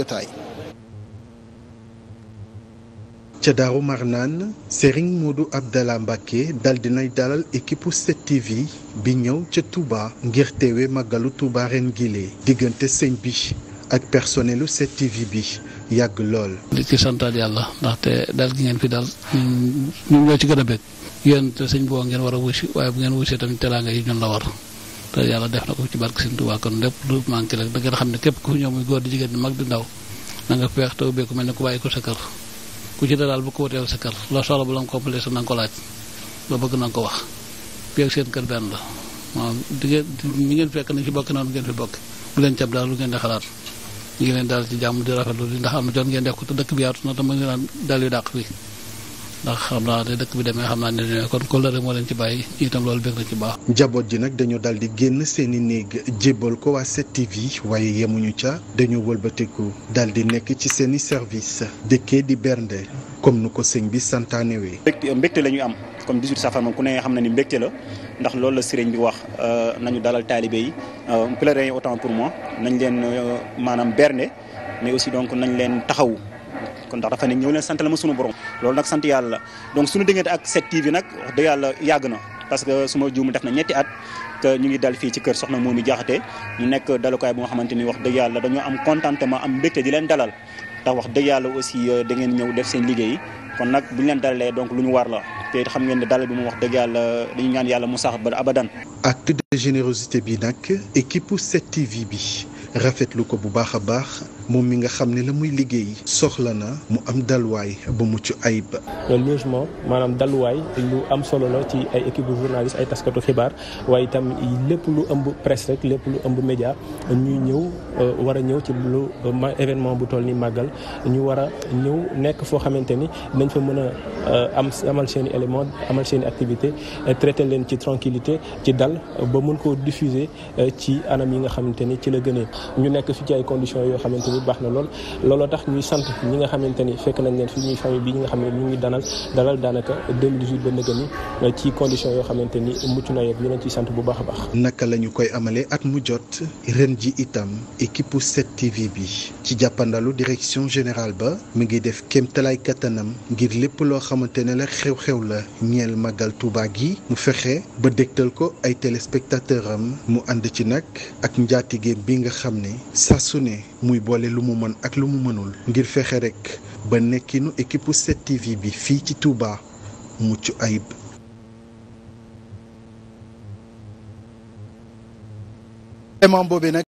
jotaay. ca daaru marnaan Serigne Modou Abdallah Mbacké dal dinay dalal équipe 7TV bi ñëw ca tubaa ngir teewe màggalu Touba ren gile diggante sëñ bi ak personnelu 7TV bi yàgg lool. di ci santaat yàlla ndaxte dal gi ngeen fi dal ñun ñoo ci gën a bëgg te sëñ boo ngeen war a waaye bu ngeen wusee tamit teraanga yi ñun la war. te yàlla def na ko ci barke Sëriñ Tuubaa kon lépp lu manqué rek xam ne képp ku ñëw muy góor di jigéen mag di ndaw na nga feex te ubbeeku mel ne ku bàyyi ko sa kër ku ci daal bu ko wuteel sa kër loo soxla bu la nga complété na ko laaj loo bëgg na nga ko wax feeg seen kër benn la waaw di ngeen ñi ngeen fekk nañ ci bokk noonu ngeen fi bokk bu leen cab daal lu ngeen di xalaat ñu leen daal ci jàmm di rafetlu li ndax am na jot ngeen def ko te dëkk bi yaatu na te mu ngi naan ndax xam naa ne dëkk bi demee xam naa ne kon kóllëre moo leen ci bàyyi itam loolu bëgg na ci baax. njaboot ji nag dañu daal di génn seen néeg jébbal ko waa 7TV waaye yemuñu ca dañu wëlbatiku daal di nekk ci seen i service dëkkee di bernde comme nu ko sëñ bi santaane wee. mbégte mbégte am comme 18 safar moom ku ne xam na ni mbégte la ndax loolu la sëriñ bi wax euh, nañu dalal taalibe yi euh, pèlerin yi pour moi nañ leen euh, maanaam bernde mais aussi donc nañ leen taxawu. kon ndax dafa ne ñëw leen sant la ma sunu borom loolu nag sant yàlla la donc sunu diggante ak 7TV nag wax dëgg yàgg na parce que suma juum def na ñetti at te ñu ngi dal fii ci kër soxna Momy Diakhaté mu nekk dalukaay bu nga xamante ni wax dëgg yàlla dañoo am contentement am mbégte di leen dalal ndax wax dëgg yàlla aussi euh, da ngeen ñëw def seen liggéey kon nag bu ñu leen dalalee donc lu ñu war la te xam ngeen ne dalal bi mu wax dëgg yàlla dañu ñaan yàlla mu sax ba abadan. acte de générosité bi nag équipe 7TV bi rafetlu bu baax a baax. moom mi nga xam ne la muy liggéey soxla na mu am dalwaay bu mucc ayib. logement maanaam dalwaay lu am solo la ci ay équipe bu journaliste ay taskatu xibaar waaye itam lépp lu ëmb presse rek lépp lu ëmb média ñuy ñëw euh, war a ñëw ci lu euh, événement bu toll ni màggal ñu war a ñëw nekk foo xamante ni dañ fa mën a euh, am amal seeni i élément amal seen activité traité leen ci tranquillité ci dal ba mun koo diffuser ci anam yi nga xamante ni ci la gënee ñu nekk fi ci ay bi baax na lool looloo tax ñuy sant ñi nga xamante ni fekk nañ leen fi ñuy famille bi ñi nga xam ne ñu ngi danal dalal daanaka 2018 ba nëgë ni euh, ci condition yoo xamante ni mucc na yëpp ñu sant bu baax a baax naka lañu koy amalee at mu jot ren ji itam équipe 7TV bi ci jàppandalu direction générale ba mu ngi def kem kéemtalaay kattanam ngir lépp loo xamante ne la xew-xew la ñeel màggal Tuuba gi mu fexe ba dégtal ko ay téléspectateur am mu ànd ci nag ak njaatige bi nga xam ne saa muy boole lu mu mën ak lu mu mënul ngir fexe rek ba nekkinu équipe 7TV bi fii ci Touba mucc ayib. élément nag.